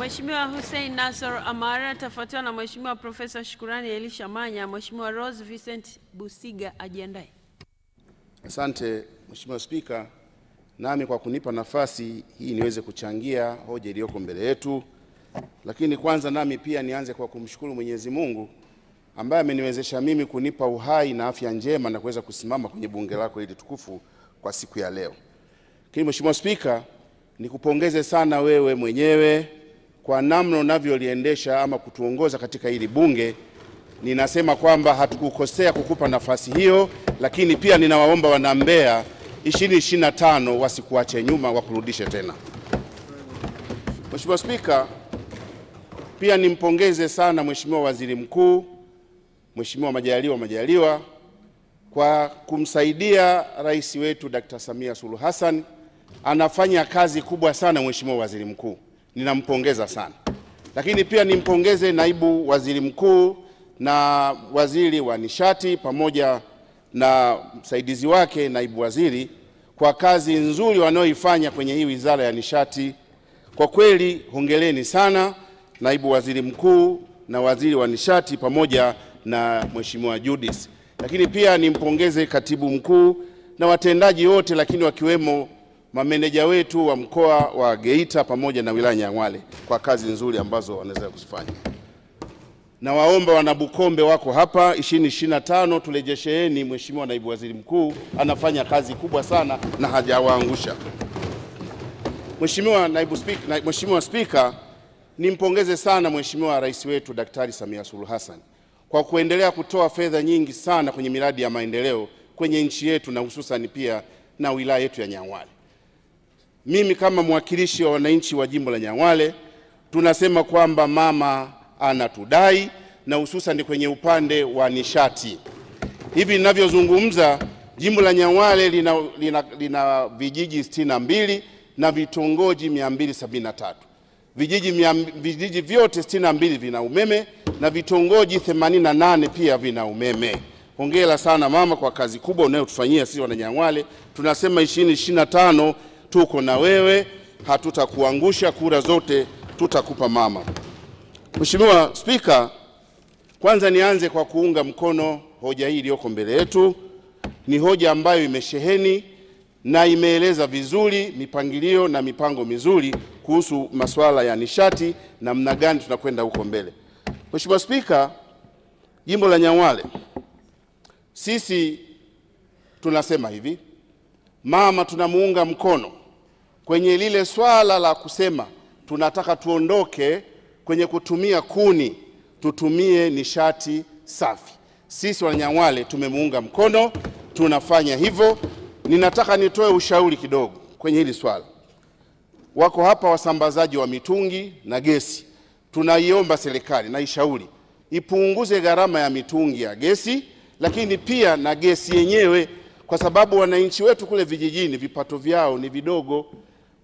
Mheshimiwa Hussein Nasor Amara atafuatiwa na Mheshimiwa Profesa Shukurani Elisha Manya. Mheshimiwa Rose Vincent Busiga ajiandae. Asante Mheshimiwa Spika, nami kwa kunipa nafasi hii niweze kuchangia hoja iliyoko mbele yetu, lakini kwanza nami pia nianze kwa kumshukuru Mwenyezi Mungu ambaye ameniwezesha mimi kunipa uhai na afya njema na kuweza kusimama kwenye bunge lako hili tukufu kwa siku ya leo. Lakini Mheshimiwa Spika, nikupongeze sana wewe mwenyewe kwa namna unavyoliendesha ama kutuongoza katika hili bunge, ninasema kwamba hatukukosea kukupa nafasi hiyo, lakini pia ninawaomba wana Mbeya 2025 wasikuache nyuma, wakurudishe tena. Mheshimiwa Spika, pia nimpongeze sana Mheshimiwa Waziri Mkuu Mheshimiwa Majaliwa Majaliwa kwa kumsaidia rais wetu Dr. Samia Suluhu Hassan. Anafanya kazi kubwa sana Mheshimiwa Waziri Mkuu ninampongeza sana, lakini pia nimpongeze naibu waziri mkuu na waziri wa nishati pamoja na msaidizi wake naibu waziri kwa kazi nzuri wanayoifanya kwenye hii wizara ya nishati. Kwa kweli hongereni sana naibu waziri mkuu na waziri wa nishati pamoja na mheshimiwa Judith. Lakini pia nimpongeze katibu mkuu na watendaji wote, lakini wakiwemo mameneja wetu wa mkoa wa Geita pamoja na wilaya Nyang'hwale kwa kazi nzuri ambazo wanaweza kuzifanya. Na waomba wanabukombe wako hapa, 2025 turejesheeni. Mheshimiwa Naibu Waziri Mkuu anafanya kazi kubwa sana na hajawaangusha. Mheshimiwa Naibu Spika, Mheshimiwa Spika, nimpongeze sana Mheshimiwa Rais wetu Daktari Samia Suluhu Hassan kwa kuendelea kutoa fedha nyingi sana kwenye miradi ya maendeleo kwenye nchi yetu na hususani pia na wilaya yetu ya Nyang'hwale mimi kama mwakilishi wa wananchi wa jimbo la Nyang'hwale tunasema kwamba mama anatudai na hususan kwenye upande wa nishati. Hivi ninavyozungumza, jimbo la Nyang'hwale lina, lina, lina vijiji sitini na mbili na vitongoji 273. Vijiji, vijiji vyote sitini na mbili vina umeme na vitongoji 88 pia vina umeme. Hongera sana mama kwa kazi kubwa unayotufanyia sisi Wananyang'hwale. Tunasema ishirini tano tuko na wewe, hatutakuangusha, kura zote tutakupa mama. Mheshimiwa Spika, kwanza nianze kwa kuunga mkono hoja hii iliyoko mbele yetu. Ni hoja ambayo imesheheni na imeeleza vizuri mipangilio na mipango mizuri kuhusu masuala ya nishati, namna gani tunakwenda huko mbele. Mheshimiwa Spika, jimbo la Nyang'hwale sisi tunasema hivi, mama tunamuunga mkono kwenye lile swala la kusema tunataka tuondoke kwenye kutumia kuni, tutumie nishati safi. Sisi Wananyang'hwale tumemuunga mkono, tunafanya hivyo. Ninataka nitoe ushauri kidogo kwenye hili swala. Wako hapa wasambazaji wa mitungi na gesi, tunaiomba serikali na ishauri ipunguze gharama ya mitungi ya gesi, lakini pia na gesi yenyewe, kwa sababu wananchi wetu kule vijijini vipato vyao ni vidogo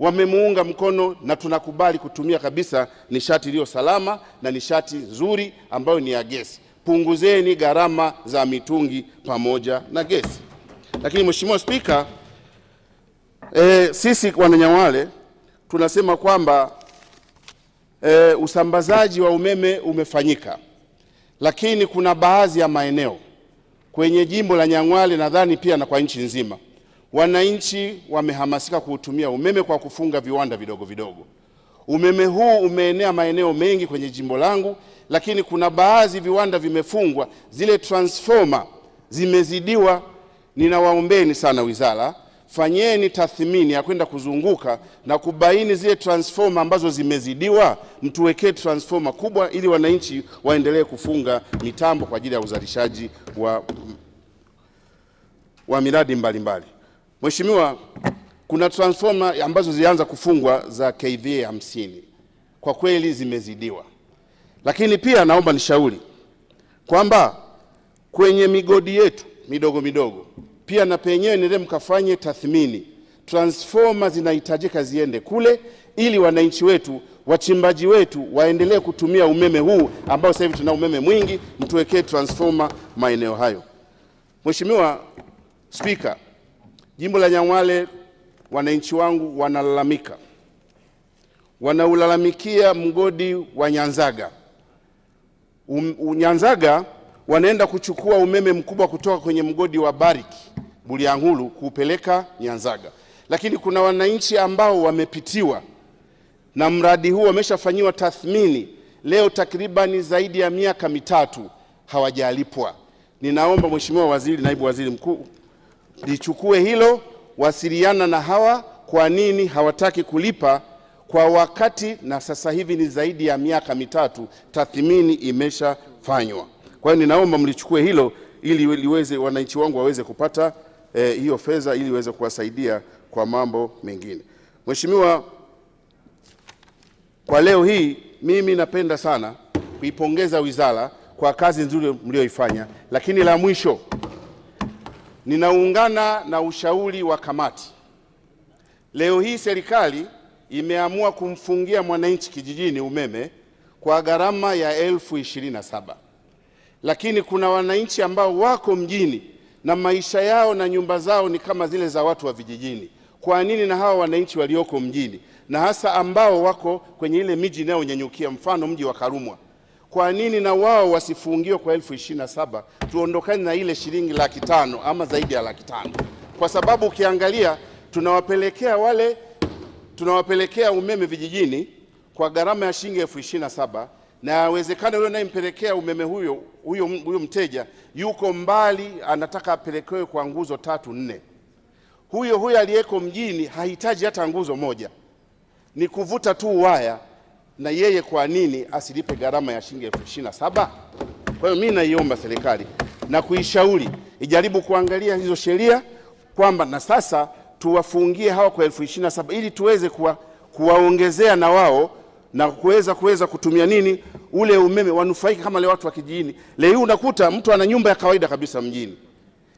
wamemuunga mkono na tunakubali kutumia kabisa nishati iliyo salama na nishati nzuri ambayo ni ya gesi. Punguzeni gharama za mitungi pamoja na gesi. Lakini Mheshimiwa Spika, e, sisi Wananyawale tunasema kwamba e, usambazaji wa umeme umefanyika, lakini kuna baadhi ya maeneo kwenye jimbo la nyangwale nadhani pia na kwa nchi nzima Wananchi wamehamasika kuutumia umeme kwa kufunga viwanda vidogo vidogo. Umeme huu umeenea maeneo mengi kwenye jimbo langu, lakini kuna baadhi viwanda vimefungwa, zile transformer zimezidiwa. Ninawaombeni sana wizara, fanyeni tathmini ya kwenda kuzunguka na kubaini zile transformer ambazo zimezidiwa, mtuwekee transformer kubwa ili wananchi waendelee kufunga mitambo kwa ajili ya uzalishaji wa, wa miradi mbalimbali mbali. Mheshimiwa, kuna transforma ambazo zilianza kufungwa za KVA hamsini, kwa kweli zimezidiwa, lakini pia naomba nishauri kwamba kwenye migodi yetu midogo midogo pia na penyewe nende mkafanye tathmini, transforma zinahitajika ziende kule, ili wananchi wetu wachimbaji wetu waendelee kutumia umeme huu ambao sasa hivi tuna umeme mwingi, mtuwekee transforma maeneo hayo. Mheshimiwa Spika, Jimbo la Nyang'hwale, wananchi wangu wanalalamika, wanaulalamikia mgodi wa Nyanzaga. Um, Nyanzaga wanaenda kuchukua umeme mkubwa kutoka kwenye mgodi wa Barrick Bulyanhulu kuupeleka Nyanzaga, lakini kuna wananchi ambao wamepitiwa na mradi huu, wameshafanyiwa tathmini leo takribani zaidi ya miaka mitatu hawajalipwa. Ninaomba Mheshimiwa Waziri, Naibu Waziri Mkuu lichukue hilo, wasiliana na hawa, kwa nini hawataki kulipa kwa wakati. Na sasa hivi ni zaidi ya miaka mitatu, tathmini imeshafanywa. Kwa hiyo ninaomba mlichukue hilo ili liweze wananchi wangu waweze kupata eh, hiyo fedha ili iweze kuwasaidia kwa mambo mengine. Mheshimiwa, kwa leo hii mimi napenda sana kuipongeza wizara kwa kazi nzuri mlioifanya, lakini la mwisho Ninaungana na ushauri wa kamati. Leo hii serikali imeamua kumfungia mwananchi kijijini umeme kwa gharama ya elfu ishirini na saba, lakini kuna wananchi ambao wako mjini na maisha yao na nyumba zao ni kama zile za watu wa vijijini. Kwa nini na hawa wananchi walioko mjini na hasa ambao wako kwenye ile miji inayonyanyukia, mfano mji wa Karumwa kwa nini na wao wasifungiwe kwa elfu ishirini na saba tuondokane na ile shilingi laki tano ama zaidi ya laki tano kwa sababu ukiangalia tunawapelekea wale tunawapelekea umeme vijijini kwa gharama ya shilingi elfu ishirini na saba na yawezekana yule anayempelekea umeme huyo, huyo, huyo mteja yuko mbali, anataka apelekewe kwa nguzo tatu nne. Huyo huyo aliyeko mjini hahitaji hata nguzo moja, ni kuvuta tu waya na yeye kwa nini asilipe gharama ya shilingi elfu ishirini na saba? Kwa hiyo mimi naiomba serikali na kuishauri ijaribu kuangalia hizo sheria kwamba na sasa tuwafungie hawa kwa elfu ishirini na saba ili tuweze kuwa, kuwaongezea na wao na kuweza kuweza kutumia nini ule umeme wanufaike kama leo watu wa kijijini. Leo unakuta mtu ana nyumba ya kawaida kabisa mjini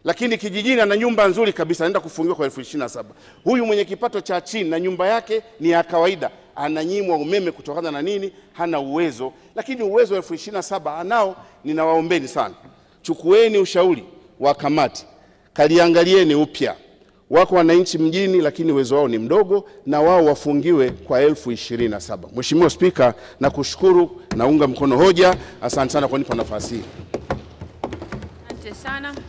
lakini kijijini ana nyumba nzuri kabisa, anaenda kufungiwa kwa elfu ishirini na saba. Huyu mwenye kipato cha chini na nyumba yake ni ya kawaida, ananyimwa umeme kutokana na nini? Hana uwezo, lakini uwezo wa elfu ishirini na saba anao. Ninawaombeni sana, chukueni ushauri wa kamati, kaliangalieni upya. Wako wananchi mjini, lakini uwezo wao ni mdogo, na wao wafungiwe kwa elfu ishirini na saba. Mheshimiwa Spika, nakushukuru, naunga mkono hoja. Asante sana kunipa nafasi hii. Asante sana.